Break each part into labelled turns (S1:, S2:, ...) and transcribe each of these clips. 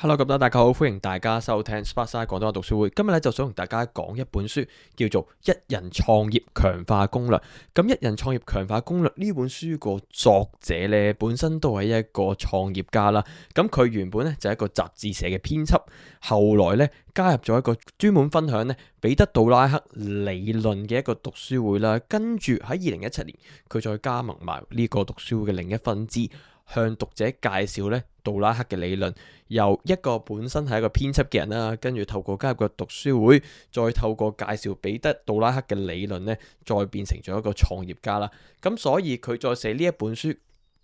S1: Hello，咁多大家好，歡迎大家收聽 Sparksine 廣東話讀書會。今日咧就想同大家講一本書，叫做《一人創業強化攻略》。咁《一人創業強化攻略》呢本書個作者咧本身都係一個創業家啦。咁佢原本咧就係一個雜誌社嘅編輯，後來咧加入咗一個專門分享呢，彼得杜拉克理論嘅一個讀書會啦。跟住喺二零一七年，佢再加盟埋呢個讀書會嘅另一分支。向讀者介紹咧，杜拉克嘅理論，由一個本身係一個編輯嘅人啦，跟住透過加入個讀書會，再透過介紹彼得杜拉克嘅理論咧，再變成咗一個創業家啦。咁所以佢再寫呢本書。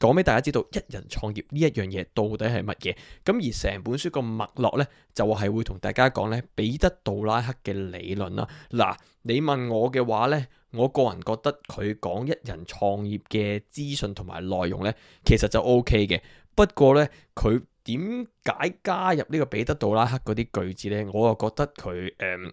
S1: 講俾大家知道，一人創業呢一樣嘢，到底係乜嘢？咁而成本書個脈絡呢，就係、是、會同大家講呢，彼得杜拉克嘅理論啦。嗱，你問我嘅話呢，我個人覺得佢講一人創業嘅資訊同埋內容呢，其實就 OK 嘅。不過呢，佢點解加入呢個彼得杜拉克嗰啲句子呢？我又覺得佢誒、呃、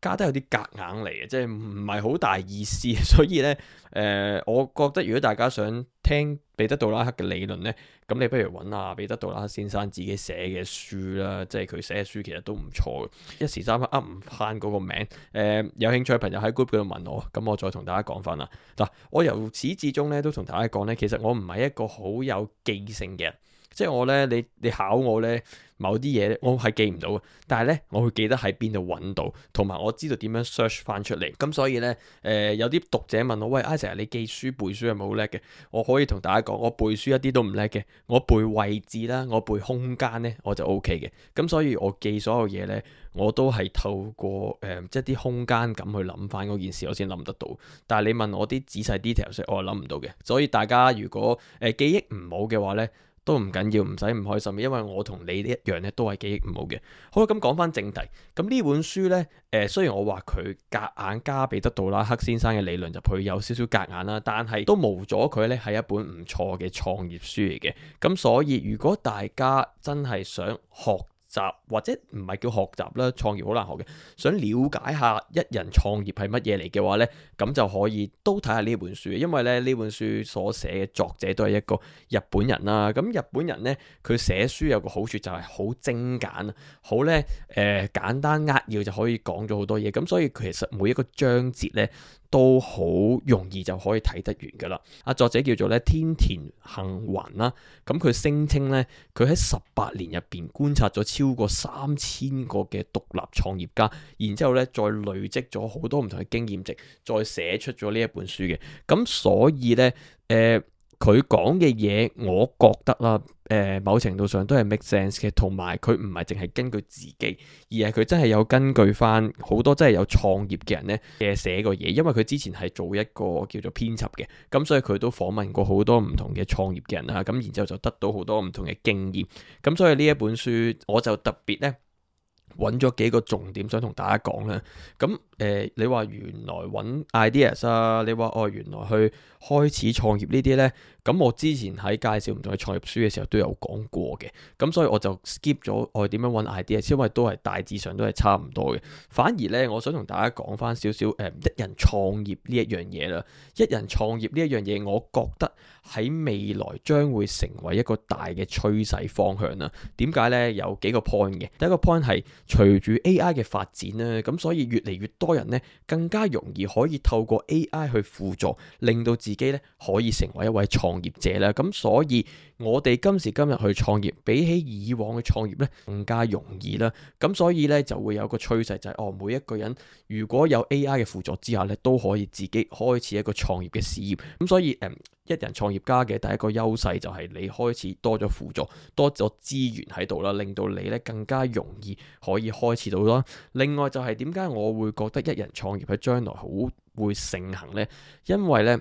S1: 加得有啲夾硬嚟嘅，即係唔係好大意思。所以呢，誒、呃，我覺得如果大家想聽，彼得杜拉克嘅理論呢，咁你不如揾下彼得杜拉克先生自己寫嘅書啦，即係佢寫嘅書其實都唔錯嘅。一時三刻噏唔翻嗰個名，誒、呃、有興趣嘅朋友喺 group 嗰度問我，咁我再同大家講翻啦。嗱、啊，我由始至終呢都同大家講呢，其實我唔係一個好有記性嘅人。即係我咧，你你考我咧，某啲嘢咧，我係記唔到嘅。但係咧，我會記得喺邊度揾到，同埋我知道點樣 search 翻出嚟。咁所以咧，誒、呃、有啲讀者問我喂，阿成你記書背書係咪好叻嘅？我可以同大家講，我背書一啲都唔叻嘅。我背位置啦，我背空間咧，我就 OK 嘅。咁、嗯、所以我記所有嘢咧，我都係透過誒即係啲空間感去諗翻嗰件事，我先諗得到。但係你問我啲仔細 details，我係諗唔到嘅。所以大家如果誒、呃、記憶唔好嘅話咧，都唔緊要，唔使唔開心，因為我同你一樣咧，都係記憶唔好嘅。好啦，咁講翻正題，咁呢本書呢，誒、呃，雖然我話佢夾硬加俾得杜拉克先生嘅理論，就佢有少少夾硬啦，但係都冇咗佢呢係一本唔錯嘅創業書嚟嘅。咁所以如果大家真係想學，習或者唔係叫學習啦，創業好難學嘅。想了解下一人創業係乜嘢嚟嘅話呢，咁就可以都睇下呢本書。因為咧呢本書所寫嘅作者都係一個日本人啦。咁日本人呢，佢寫書有個好處就係好精簡，好呢誒、呃、簡單扼要就可以講咗好多嘢。咁所以其實每一個章節呢。都好容易就可以睇得完噶啦！啊，作者叫做咧天田幸宏啦，咁佢聲稱咧佢喺十八年入邊觀察咗超過三千個嘅獨立創業家，然之後咧再累積咗好多唔同嘅經驗值，再寫出咗呢一本書嘅。咁所以咧，誒、呃。佢講嘅嘢，我覺得啦，誒、呃，某程度上都係 make sense 嘅，同埋佢唔係淨係根據自己，而係佢真係有根據翻好多真係有創業嘅人呢嘅寫過嘢，因為佢之前係做一個叫做編輯嘅，咁所以佢都訪問過好多唔同嘅創業嘅人啊，咁然之後就得到好多唔同嘅經驗，咁所以呢一本書我就特別呢。揾咗幾個重點想同大家講啦，咁誒、呃、你話原來揾 ideas 啊，你話哦原來去開始創業呢啲呢？咁我之前喺介紹唔同嘅創業書嘅時候都有講過嘅，咁所以我就 skip 咗我點樣揾 idea，因為都係大致上都係差唔多嘅。反而呢，我想同大家講返少少誒一人創業呢一樣嘢啦。一人創業呢一樣嘢，我覺得喺未來將會成為一個大嘅趨勢方向啦。點解呢？有幾個 point 嘅。第一個 point 係隨住 AI 嘅發展呢，咁所以越嚟越多人呢，更加容易可以透過 AI 去輔助，令到自己呢可以成為一位創業業者啦，咁、嗯、所以我哋今時今日去創業，比起以往嘅創業咧，更加容易啦。咁、嗯、所以咧，就會有個趨勢，就是，就係哦，每一個人如果有 AI 嘅輔助之下咧，都可以自己開始一個創業嘅事業。咁、嗯、所以，誒、嗯，一人創業家嘅第一個優勢就係你開始多咗輔助，多咗資源喺度啦，令到你咧更加容易可以開始到啦。另外就係點解我會覺得一人創業喺將來好會盛行呢？因為咧。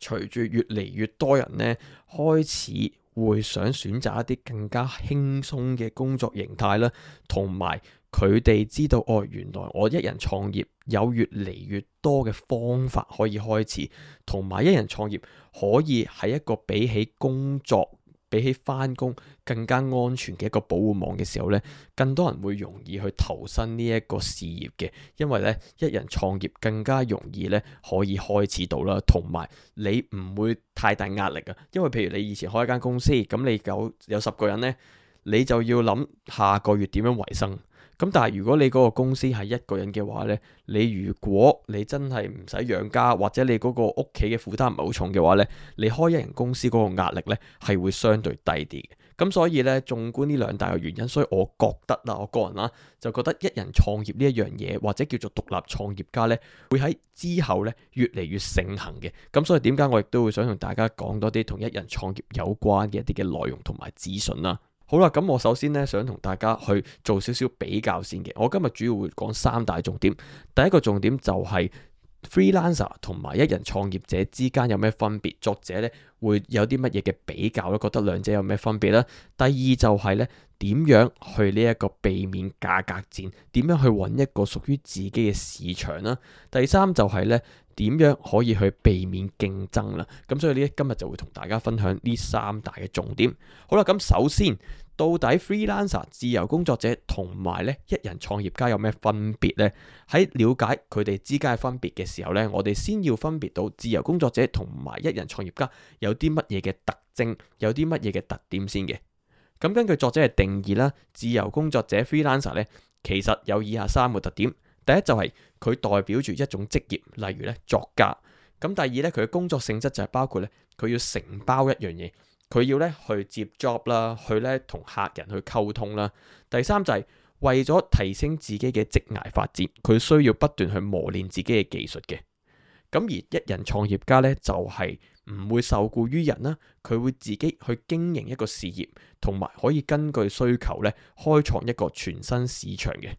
S1: 隨住越嚟越多人咧開始會想選擇一啲更加輕鬆嘅工作形態啦，同埋佢哋知道哦，原來我一人創業有越嚟越多嘅方法可以開始，同埋一人創業可以係一個比起工作。比起翻工更加安全嘅一個保護網嘅時候呢，更多人會容易去投身呢一個事業嘅，因為呢一人創業更加容易呢可以開始到啦，同埋你唔會太大壓力啊，因為譬如你以前開一間公司，咁你有有十個人呢，你就要諗下個月點樣維生。咁但係如果你嗰個公司係一個人嘅話呢，你如果你真係唔使養家，或者你嗰個屋企嘅負擔唔係好重嘅話呢，你開一人公司嗰個壓力呢係會相對低啲嘅。咁所以呢，縱觀呢兩大個原因，所以我覺得啊，我個人啦、啊、就覺得一人創業呢一樣嘢，或者叫做獨立創業家呢，會喺之後呢越嚟越盛行嘅。咁所以點解我亦都會想同大家講多啲同一人創業有關嘅一啲嘅內容同埋資訊啦。好啦，咁我首先咧想同大家去做少少比較先嘅。我今日主要會講三大重點。第一個重點就係 Freelancer 同埋一人創業者之間有咩分別？作者咧，會有啲乜嘢嘅比較咧？覺得兩者有咩分別咧？第二就係咧，點樣去呢一個避免價格戰？點樣去揾一個屬於自己嘅市場啦？第三就係咧，點樣可以去避免競爭啦？咁所以呢今日就會同大家分享呢三大嘅重點。好啦，咁首先到底 freelancer 自由工作者、同埋咧一人創業家有咩分別呢？喺了解佢哋之間嘅分別嘅時候呢，我哋先要分別到自由工作者同埋一人創業家有有啲乜嘢嘅特徵，有啲乜嘢嘅特點先嘅。咁根據作者嘅定義啦，自由工作者 freelancer 咧，Fre ancer, 其實有以下三個特點。第一就係佢代表住一種職業，例如咧作家。咁第二咧，佢嘅工作性質就係包括咧，佢要承包一樣嘢，佢要咧去接 job 啦，去咧同客人去溝通啦。第三就係、是、為咗提升自己嘅職涯發展，佢需要不斷去磨練自己嘅技術嘅。咁而一人創業家咧就係唔會受雇於人啦，佢會自己去經營一個事業，同埋可以根據需求咧開創一個全新市場嘅。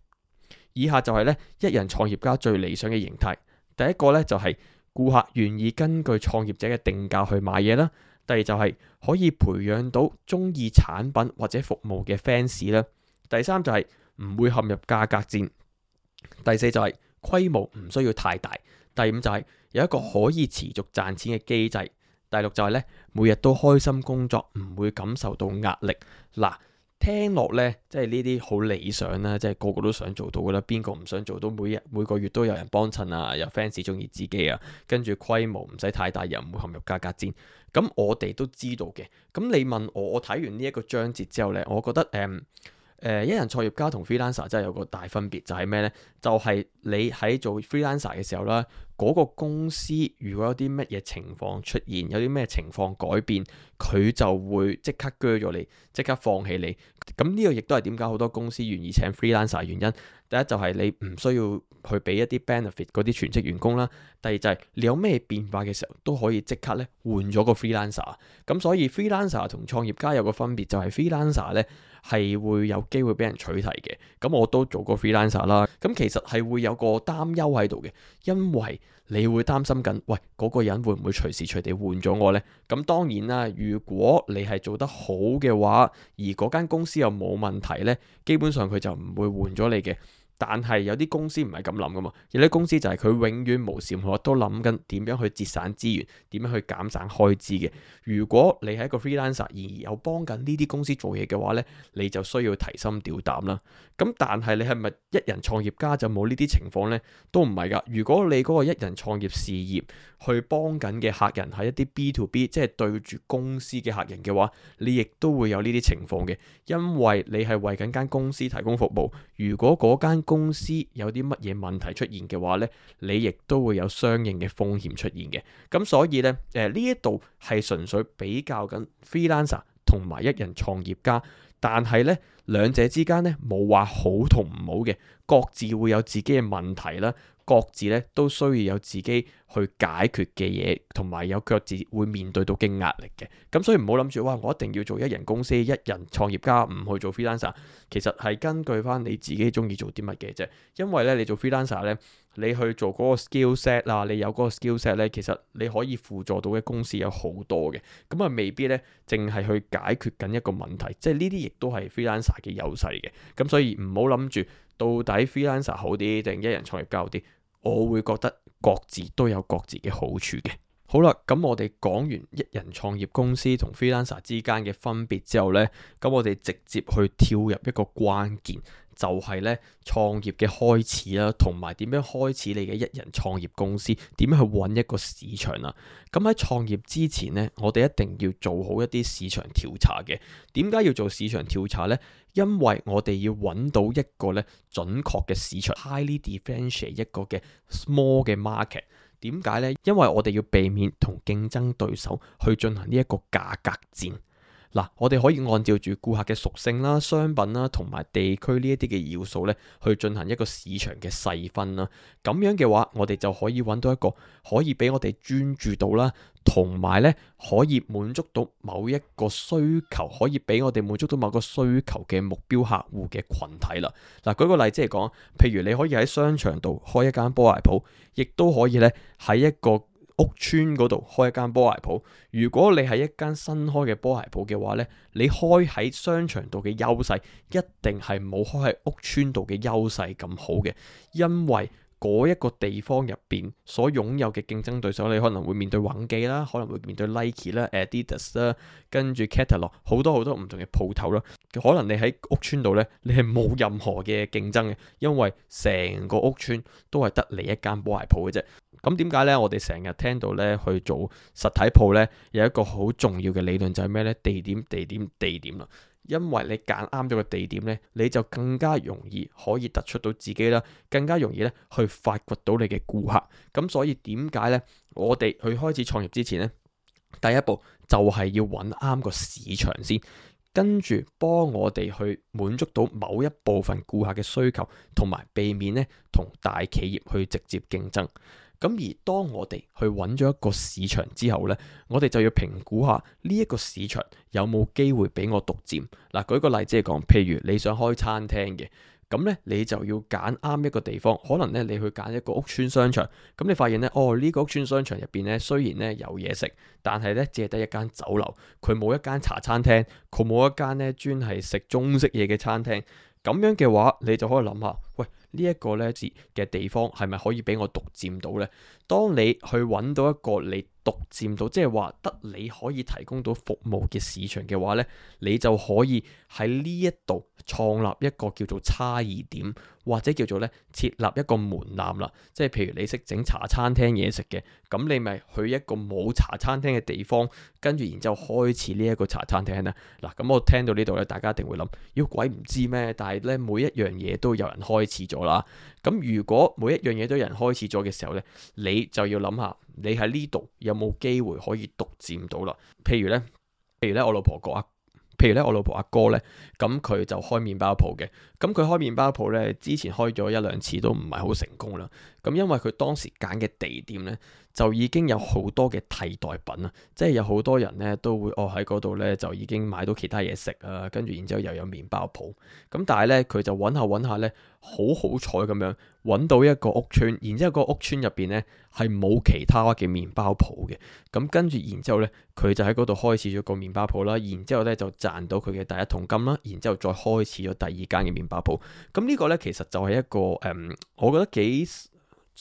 S1: 以下就係咧一人創業家最理想嘅形態。第一個咧就係顧客願意根據創業者嘅定價去買嘢啦。第二就係可以培養到鍾意產品或者服務嘅 fans 啦。第三就係唔會陷入價格戰。第四就係規模唔需要太大。第五就係、是。有一個可以持續賺錢嘅機制，第六就係呢，每日都開心工作，唔會感受到壓力。嗱，聽落呢，即係呢啲好理想啦，即係個個都想做到噶啦。邊個唔想做到？每日每個月都有人幫襯啊？有 fans 中意自己啊？跟住規模唔使太大，又唔會陷入價格戰。咁我哋都知道嘅。咁你問我，我睇完呢一個章節之後呢，我覺得誒誒、呃呃，一人創業家同 freelancer 真係有個大分別，就係、是、咩呢？就係、是、你喺做 freelancer 嘅時候啦。嗰個公司如果有啲乜嘢情況出現，有啲咩情況改變，佢就會即刻鋸咗你，即刻放棄你。咁呢個亦都係點解好多公司願意請 freelancer 原因。第一就係你唔需要去俾一啲 benefit 嗰啲全職員工啦。第二就係你有咩變化嘅時候都可以即刻咧換咗個 freelancer。咁所以 freelancer 同創業家有個分別就係 freelancer 咧係會有機會俾人取替嘅。咁我都做過 freelancer 啦。咁其實係會有個擔憂喺度嘅，因為你會擔心緊，喂嗰個人會唔會隨時隨地換咗我呢？咁當然啦，如果你係做得好嘅話，而嗰間公司又冇問題呢，基本上佢就唔會換咗你嘅。但係有啲公司唔係咁諗噶嘛，有啲公司就係佢永遠無時無刻都諗緊點樣去節省資源，點樣去減省開支嘅。如果你係一個 freelancer 而有幫緊呢啲公司做嘢嘅話呢，你就需要提心吊膽啦。咁但係你係咪一人創業家就冇呢啲情況呢？都唔係噶。如果你嗰個一人創業事業去幫緊嘅客人係一啲 B to B，即係對住公司嘅客人嘅話，你亦都會有呢啲情況嘅，因為你係為緊間公司提供服務。如果嗰間，公司有啲乜嘢問題出現嘅話呢，你亦都會有相應嘅風險出現嘅。咁所以呢，誒呢一度係純粹比較緊 freelancer 同埋一人創業家，但係呢兩者之間呢，冇話好同唔好嘅，各自會有自己嘅問題啦。各自咧都需要有自己去解決嘅嘢，同埋有各自會面對到嘅壓力嘅。咁所以唔好諗住哇，我一定要做一人公司、一人創業家，唔去做 freelancer。其實係根據翻你自己中意做啲乜嘅啫。因為咧，你做 freelancer 咧，你去做嗰個 skill set 啊，你有嗰個 skill set 咧，其實你可以輔助到嘅公司有好多嘅。咁啊，未必咧，淨係去解決緊一個問題。即係呢啲亦都係 freelancer 嘅優勢嘅。咁所以唔好諗住。到底 freelancer 好啲定一人創業較啲？我會覺得各自都有各自嘅好處嘅。好啦，咁我哋講完一人創業公司同 freelancer 之間嘅分別之後呢，咁我哋直接去跳入一個關鍵。就係咧創業嘅開始啦、啊，同埋點樣開始你嘅一人創業公司？點樣去揾一個市場啊？咁喺創業之前咧，我哋一定要做好一啲市場調查嘅。點解要做市場調查呢？因為我哋要揾到一個咧準確嘅市場，highly differentiate 一個嘅 small 嘅 market。點解呢？因為我哋要避免同競爭對手去進行呢一個價格戰。嗱，我哋可以按照住顧客嘅屬性啦、商品啦、同埋地區呢一啲嘅要素咧，去進行一個市場嘅細分啦。咁樣嘅話，我哋就可以揾到一個可以俾我哋專注到啦，同埋咧可以滿足到某一個需求，可以俾我哋滿足到某個需求嘅目標客戶嘅群體啦。嗱，舉個例子嚟講，譬如你可以喺商場度開一間波鞋鋪，亦都可以咧喺一個屋村嗰度開一間波鞋鋪，如果你係一間新開嘅波鞋鋪嘅話呢，你開喺商場度嘅優勢一定係冇開喺屋村度嘅優勢咁好嘅，因為嗰一個地方入邊所擁有嘅競爭對手，你可能會面對 Yeezy 啦，可能會面對 Nike 啦、Adidas 啦，跟住 Catalo 好多好多唔同嘅鋪頭啦，可能你喺屋村度呢，你係冇任何嘅競爭嘅，因為成個屋村都係得你一間波鞋鋪嘅啫。咁點解咧？我哋成日聽到咧，去做實體鋪咧，有一個好重要嘅理論就係咩咧？地點地點地點啦，因為你揀啱咗個地點咧，你就更加容易可以突出到自己啦，更加容易咧，去發掘到你嘅顧客。咁所以點解咧？我哋去開始創業之前咧，第一步就係要揾啱個市場先，跟住幫我哋去滿足到某一部分顧客嘅需求，同埋避免咧，同大企業去直接競爭。咁而當我哋去揾咗一個市場之後呢，我哋就要評估下呢一個市場有冇機會俾我獨佔。嗱，舉個例子嚟講，譬如你想開餐廳嘅，咁呢，你就要揀啱一個地方。可能呢，你去揀一個屋村商場，咁你發現、哦這個、呢，哦呢個屋村商場入邊呢，雖然呢有嘢食，但係呢只係得一間酒樓，佢冇一間茶餐廳，佢冇一間呢專係食中式嘢嘅餐廳。咁樣嘅話，你就可以諗下，喂，呢一個咧嘅地方係咪可以俾我獨佔到呢？當你去揾到一個你獨佔到，即係話得你可以提供到服務嘅市場嘅話呢，你就可以喺呢一度創立一個叫做差異點。或者叫做咧，設立一個門檻啦，即係譬如你識整茶餐廳嘢食嘅，咁你咪去一個冇茶餐廳嘅地方，跟住然之後開始呢一個茶餐廳啦。嗱、啊，咁、嗯、我聽到呢度咧，大家一定會諗，妖鬼唔知咩？但係咧，每一樣嘢都有人開始咗啦。咁、嗯、如果每一樣嘢都有人開始咗嘅時候咧，你就要諗下，你喺呢度有冇機會可以獨佔到啦？譬如咧，譬如咧，我老婆講。譬如咧，我老婆阿哥咧，咁佢就開麵包鋪嘅。咁佢開麵包鋪咧，之前開咗一兩次都唔係好成功啦。咁因為佢當時揀嘅地點咧，就已經有好多嘅替代品啊，即係有好多人咧都會哦喺嗰度咧就已經買到其他嘢食啊，跟住然之後又有麵包鋪，咁但係咧佢就揾下揾下咧，好好彩咁樣揾到一個屋村，然之後個屋村入邊咧係冇其他嘅麵包鋪嘅，咁跟住然之後咧佢就喺嗰度開始咗個麵包鋪啦，然之後咧就賺到佢嘅第一桶金啦，然之後再開始咗第二間嘅麵包鋪，咁呢個咧其實就係一個誒、嗯，我覺得幾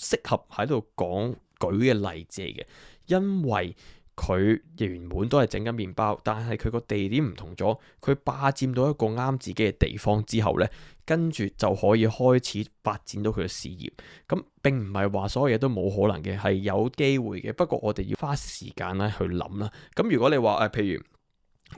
S1: 適合喺度講舉嘅例子嚟嘅，因為佢原本都係整緊麵包，但係佢個地點唔同咗，佢霸佔到一個啱自己嘅地方之後呢，跟住就可以開始發展到佢嘅事業。咁並唔係話所有嘢都冇可能嘅，係有機會嘅。不過我哋要花時間咧去諗啦。咁如果你話誒，譬如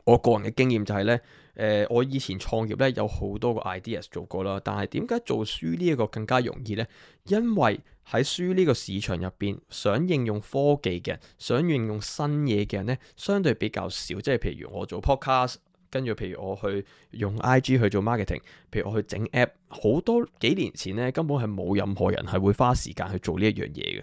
S1: 我個人嘅經驗就係、呢：誒我以前創業呢，有好多個 ideas 做過啦，但係點解做書呢一個更加容易呢？因為喺書呢個市場入邊，想應用科技嘅人，想應用新嘢嘅人咧，相對比較少。即係譬如我做 podcast，跟住譬如我去用 IG 去做 marketing，譬如我去整 app。好多幾年前咧，根本係冇任何人係會花時間去做呢一樣嘢嘅。誒、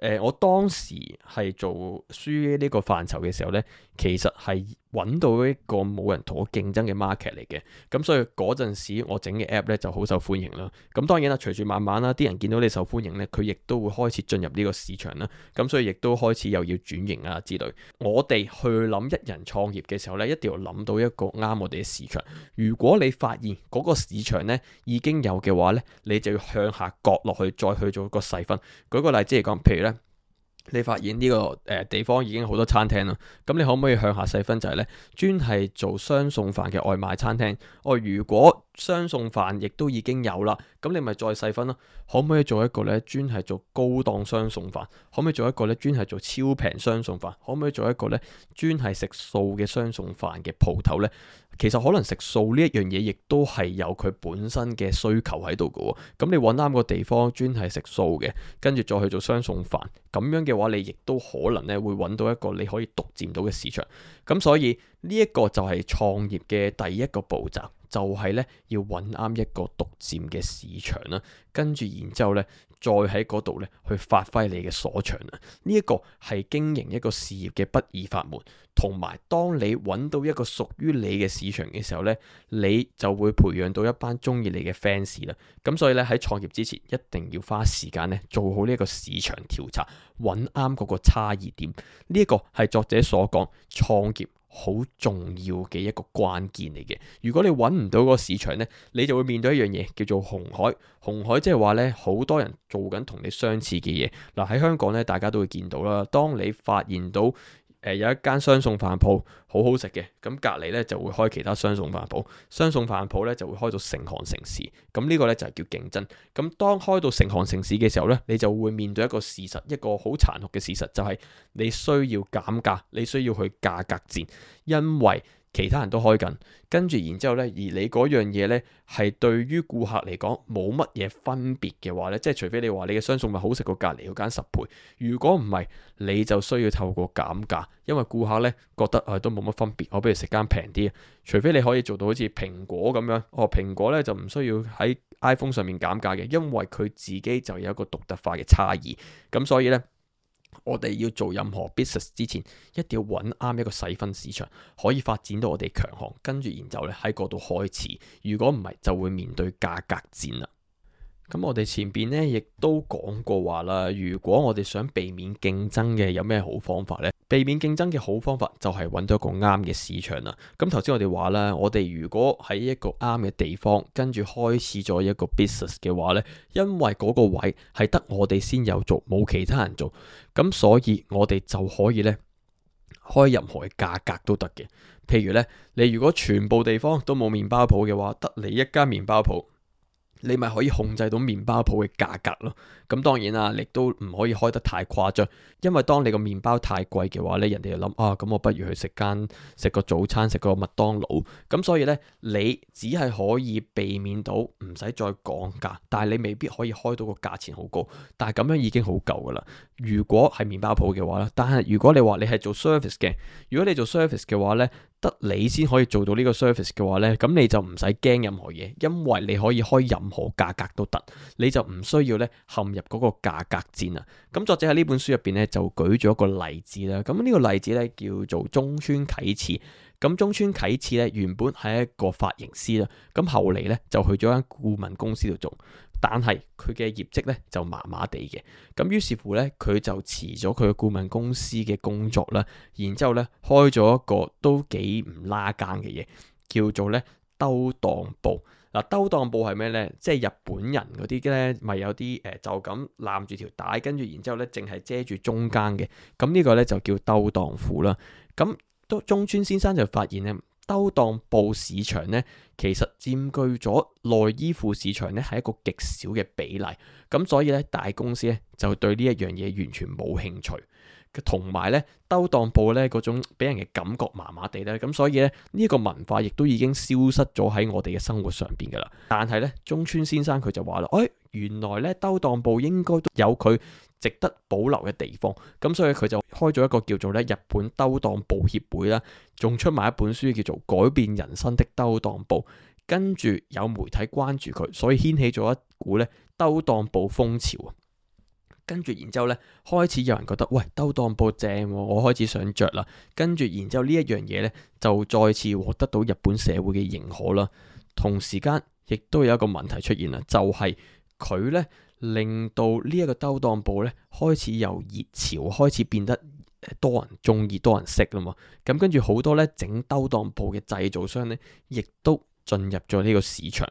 S1: 呃，我當時係做書呢個範疇嘅時候咧，其實係揾到一個冇人同我競爭嘅 market 嚟嘅。咁所以嗰陣時我整嘅 app 咧就好受歡迎啦。咁當然啦，隨住慢慢啦，啲人見到你受歡迎咧，佢亦都會開始進入呢個市場啦。咁所以亦都開始又要轉型啊之類。我哋去諗一人創業嘅時候咧，一定要諗到一個啱我哋嘅市場。如果你發現嗰個市場咧，而已經有嘅話呢，你就要向下割落去，再去做一個細分。舉個例子嚟講，譬如呢，你發現呢、這個誒、呃、地方已經好多餐廳啦，咁你可唔可以向下細分？就係呢，專係做雙餸飯嘅外賣餐廳。哦，如果雙餸飯亦都已經有啦，咁你咪再細分咯。可唔可以做一個呢？專係做高檔雙餸飯？可唔可以做一個呢？專係做超平雙餸飯？可唔可以做一個呢？專係食素嘅雙餸飯嘅鋪頭呢？其實可能食素呢一樣嘢，亦都係有佢本身嘅需求喺度嘅。咁你揾啱個地方，專係食素嘅，跟住再去做雙餸飯，咁樣嘅話，你亦都可能咧，會揾到一個你可以獨佔到嘅市場。咁所以，呢一個就係創業嘅第一個步驟，就係、是、咧要揾啱一個獨佔嘅市場啦，跟住然之後咧，再喺嗰度咧去發揮你嘅所長啊！呢、這、一個係經營一個事業嘅不二法門，同埋當你揾到一個屬於你嘅市場嘅時候咧，你就會培養到一班中意你嘅 fans 啦。咁所以咧喺創業之前，一定要花時間咧做好呢一個市場調查，揾啱嗰個差異點。呢、這、一個係作者所講創業。好重要嘅一個關鍵嚟嘅，如果你揾唔到個市場呢，你就會面對一樣嘢叫做紅海。紅海即係話呢，好多人做緊同你相似嘅嘢。嗱、呃、喺香港呢，大家都會見到啦。當你發現到，誒、呃、有一間雙餸飯鋪，好好食嘅。咁隔離呢就會開其他雙餸飯鋪，雙餸飯鋪呢就會開到成行成市。咁呢個呢就係叫競爭。咁當開到成行成市嘅時候呢，你就會面對一個事實，一個好殘酷嘅事實，就係、是、你需要減價，你需要去價格戰，因為。其他人都開緊，跟住然之後呢，而你嗰樣嘢呢，係對於顧客嚟講冇乜嘢分別嘅話呢。即係除非你話你嘅雙餸飯好食過隔離嗰間十倍，如果唔係，你就需要透過減價，因為顧客呢覺得啊、哎、都冇乜分別，我不如食間平啲。除非你可以做到好似蘋果咁樣，哦蘋果呢就唔需要喺 iPhone 上面減價嘅，因為佢自己就有一個獨特化嘅差異，咁所以呢。我哋要做任何 business 之前，一定要搵啱一個細分市場，可以發展到我哋強項，跟住然後咧喺嗰度開始。如果唔係，就會面對價格戰啦。咁我哋前邊咧亦都講過話啦，如果我哋想避免競爭嘅，有咩好方法咧？避免競爭嘅好方法就係揾到一個啱嘅市場啦。咁頭先我哋話啦，我哋如果喺一個啱嘅地方，跟住開始咗一個 business 嘅話呢，因為嗰個位係得我哋先有做，冇其他人做，咁所以我哋就可以呢開任何嘅價格都得嘅。譬如呢，你如果全部地方都冇麵包鋪嘅話，得你一間麵包鋪。你咪可以控制到麵包鋪嘅價格咯，咁當然啦，你都唔可以開得太誇張，因為當你個麵包太貴嘅話呢，人哋就諗啊，咁我不如去食間食個早餐，食個麥當勞，咁所以呢，你只係可以避免到唔使再降價，但係你未必可以開到個價錢好高，但係咁樣已經好夠噶啦。如果係麵包鋪嘅話咧，但係如果你話你係做 service 嘅，如果你做 service 嘅話咧，得你先可以做到呢個 service 嘅話咧，咁你就唔使驚任何嘢，因為你可以開任何價格都得，你就唔需要咧陷入嗰個價格戰啊。咁作者喺呢本書入邊咧就舉咗一個例子啦，咁呢個例子呢叫做中村啟次。咁中村啟次咧原本係一個髮型師啦，咁後嚟咧就去咗間顧問公司度做，但係佢嘅業績咧就麻麻地嘅，咁於是乎咧佢就辭咗佢嘅顧問公司嘅工作啦，然之後咧開咗一個都幾唔拉更嘅嘢，叫做咧兜襠布。嗱，兜襠布係咩咧？即係日本人嗰啲咧，咪有啲誒，就咁攬住條帶，跟住然之後咧淨係遮住中間嘅，咁、這個、呢個咧就叫兜襠布啦，咁、啊。嗯都中村先生就發現咧，兜襠布市場咧，其實佔據咗內衣褲市場咧，係一個極小嘅比例。咁所以咧，大公司咧就對呢一樣嘢完全冇興趣。同埋咧，兜當布咧嗰種俾人嘅感覺麻麻地咧，咁所以咧呢、這個文化亦都已經消失咗喺我哋嘅生活上面噶啦。但係咧，中村先生佢就話啦，誒、哎，原來咧，兜當布應該都有佢值得保留嘅地方。咁所以佢就開咗一個叫做咧日本兜當布協會啦，仲出埋一本書叫做《改變人生的兜當布》，跟住有媒體關注佢，所以掀起咗一股咧兜當布風潮啊！跟住，然之後呢，開始有人覺得，喂，兜當布正喎，哦，我開始想着啦。跟住，然之後呢一樣嘢呢，就再次獲得到日本社會嘅認可啦。同時間，亦都有一個問題出現啦，就係佢呢，令到呢一個兜當布呢，開始由熱潮，開始變得多人中意、多人識啦嘛。咁跟住好多呢，整兜當布嘅製造商呢，亦都進入咗呢個市場。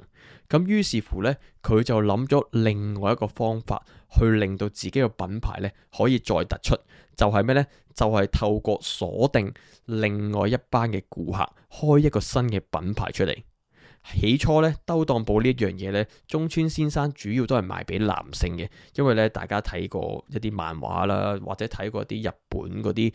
S1: 咁於是乎呢，佢就諗咗另外一個方法，去令到自己嘅品牌呢，可以再突出，就係咩呢？就係透過鎖定另外一班嘅顧客，開一個新嘅品牌出嚟。起初呢，兜當鋪呢一樣嘢呢，中村先生主要都係賣俾男性嘅，因為呢，大家睇過一啲漫畫啦，或者睇過啲日本嗰啲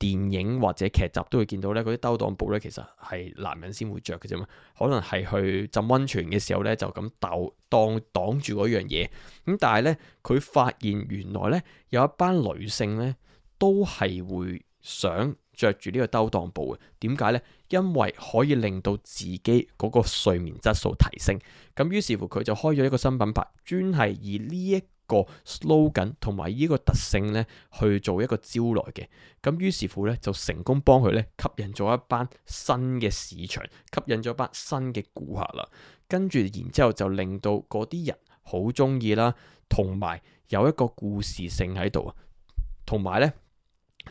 S1: 電影或者劇集都會見到咧，嗰啲兜檔布咧其實係男人先會着嘅啫嘛，可能係去浸溫泉嘅時候咧就咁兜當擋住嗰樣嘢。咁但係咧佢發現原來咧有一班女性咧都係會想着住呢個兜檔布嘅，點解咧？因為可以令到自己嗰個睡眠質素提升。咁於是乎佢就開咗一個新品牌，專係以呢一個 slogan 同埋呢個特性呢去做一個招來嘅，咁於是乎呢，就成功幫佢咧吸引咗一班新嘅市場，吸引咗班新嘅顧客啦。跟住然之後，後就令到嗰啲人好中意啦，同埋有，有一個故事性喺度啊，同埋呢，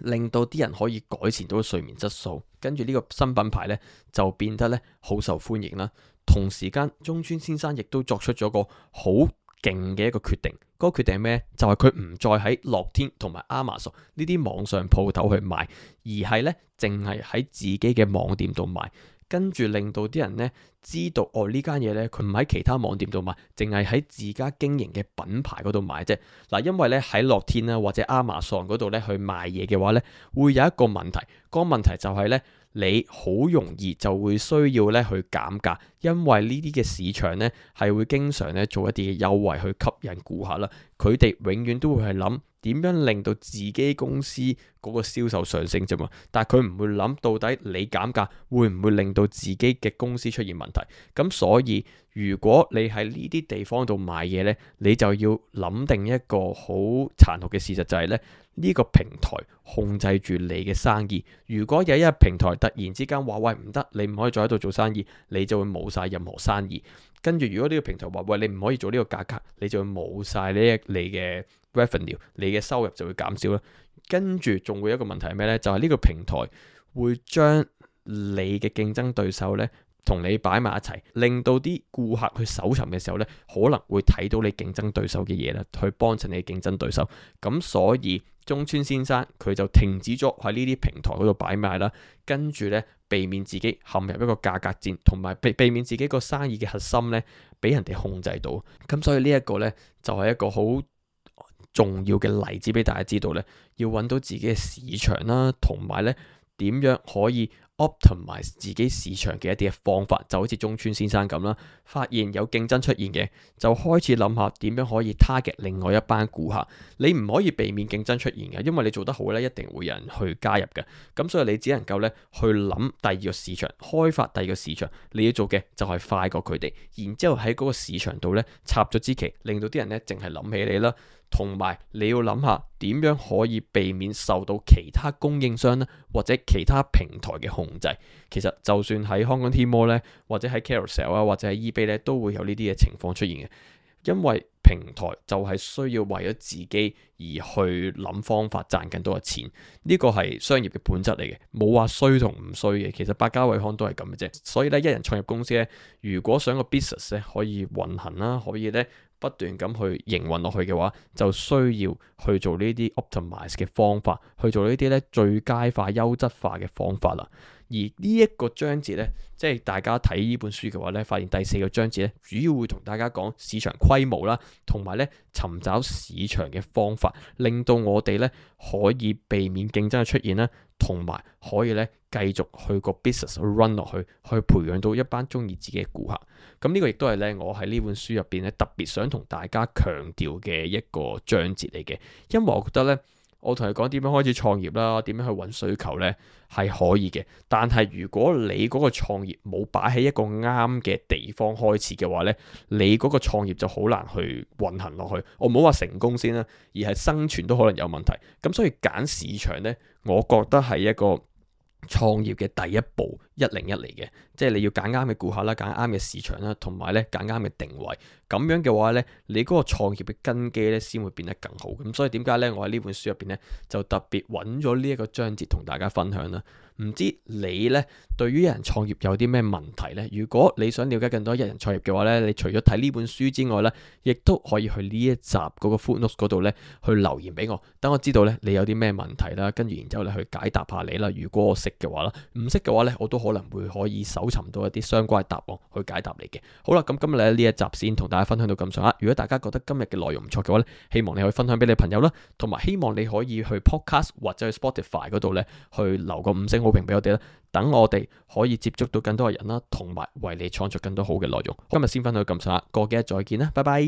S1: 令到啲人可以改善到睡眠質素。跟住呢個新品牌呢，就變得呢好受歡迎啦。同時間，中村先生亦都作出咗個好勁嘅一個決定，嗰個決定係咩？就係佢唔再喺樂天同埋 Amazon 呢啲網上鋪頭去賣，而係咧淨係喺自己嘅網店度賣，跟住令到啲人呢，知道哦呢間嘢呢，佢唔喺其他網店度賣，淨係喺自家經營嘅品牌嗰度買啫。嗱，因為呢喺樂天呀或者 Amazon 嗰度呢去賣嘢嘅話呢，會有一個問題，嗰個問題就係呢。你好容易就會需要咧去減價，因為呢啲嘅市場咧係會經常咧做一啲嘅優惠去吸引顧客啦。佢哋永遠都會係諗點樣令到自己公司嗰個銷售上升啫嘛。但係佢唔會諗到底你減價會唔會令到自己嘅公司出現問題。咁所以如果你喺呢啲地方度買嘢呢，你就要諗定一個好殘酷嘅事實就係呢。呢個平台控制住你嘅生意。如果有一日平台突然之間話喂，唔得，你唔可以再喺度做生意，你就會冇晒任何生意。跟住如果呢個平台話喂，你唔可以做呢個價格，你就會冇晒呢你嘅 revenue，你嘅收入就會減少啦。跟住仲會有一個問題係咩呢？就係呢個平台會將你嘅競爭對手呢同你擺埋一齊，令到啲顧客去搜尋嘅時候呢可能會睇到你競爭對手嘅嘢啦，去幫襯你嘅競爭對手。咁所以，中村先生佢就停止咗喺呢啲平台嗰度擺賣啦，跟住呢，避免自己陷入一個價格戰，同埋避避免自己個生意嘅核心呢，俾人哋控制到。咁所以呢一個呢，就係一個好重要嘅例子俾大家知道呢，要揾到自己嘅市場啦，同埋呢點樣可以。Optimize 自己市場嘅一啲方法，就好似中村先生咁啦，發現有競爭出現嘅，就開始諗下點樣可以 target 另外一班顧客。你唔可以避免競爭出現嘅，因為你做得好呢，一定會有人去加入嘅。咁所以你只能夠呢去諗第二個市場，開發第二個市場。你要做嘅就係快過佢哋，然之後喺嗰個市場度呢插咗支旗，令到啲人呢淨係諗起你啦。同埋，你要諗下點樣可以避免受到其他供應商呢，或者其他平台嘅控制。其實就算喺香港天貓呢，或者喺 Carousell 啊，或者喺 eBay 呢，都會有呢啲嘅情況出現嘅。因為平台就係需要為咗自己而去諗方法賺更多嘅錢，呢、呢個係商業嘅本質嚟嘅，冇話衰同唔衰嘅。其實百佳惠康都係咁嘅啫。所以呢，一人創業公司呢，如果想個 business 呢可以運行啦、啊，可以呢。不斷咁去營運落去嘅話，就需要去做呢啲 optimize 嘅方法，去做呢啲咧最佳化、優質化嘅方法啦。而呢一個章節呢，即係大家睇呢本書嘅話呢，發現第四個章節呢，主要會同大家講市場規模啦，同埋呢尋找市場嘅方法，令到我哋呢可以避免競爭嘅出現啦，同埋可以呢。繼續去個 business run 落去，去培養到一班中意自己嘅顧客。咁呢個亦都係咧，我喺呢本書入邊咧特別想同大家強調嘅一個章節嚟嘅。因為我覺得咧，我同你講點樣開始創業啦，點樣去搵需求咧係可以嘅。但係如果你嗰個創業冇擺喺一個啱嘅地方開始嘅話咧，你嗰個創業就好難去運行落去。我唔好話成功先啦，而係生存都可能有問題。咁所以揀市場咧，我覺得係一個。創業嘅第一步，一零一嚟嘅，即係你要揀啱嘅顧客啦，揀啱嘅市場啦，同埋咧揀啱嘅定位，咁樣嘅話咧，你嗰個創業嘅根基咧，先會變得更好。咁所以點解咧，我喺呢本書入邊咧，就特別揾咗呢一個章節同大家分享啦。唔知你呢，對於一人創業有啲咩問題呢？如果你想了解更多一人創業嘅話呢，你除咗睇呢本書之外呢，亦都可以去呢一集嗰個 footnotes 嗰度呢，去留言俾我。等我知道呢，你有啲咩問題啦，跟住然之後咧去解答下你啦。如果我識嘅話啦，唔識嘅話呢，我都可能會可以搜尋到一啲相關嘅答案去解答你嘅。好啦，咁今日呢呢一集先同大家分享到咁上下。如果大家覺得今日嘅內容唔錯嘅話呢，希望你可以分享俾你朋友啦，同埋希望你可以去 Podcast 或者去 Spotify 嗰度呢，去留個五星。好評俾我哋啦，等我哋可以接觸到更多嘅人啦，同埋為你創作更多好嘅內容。今日先分享到咁上下，過幾日再見啦，拜拜。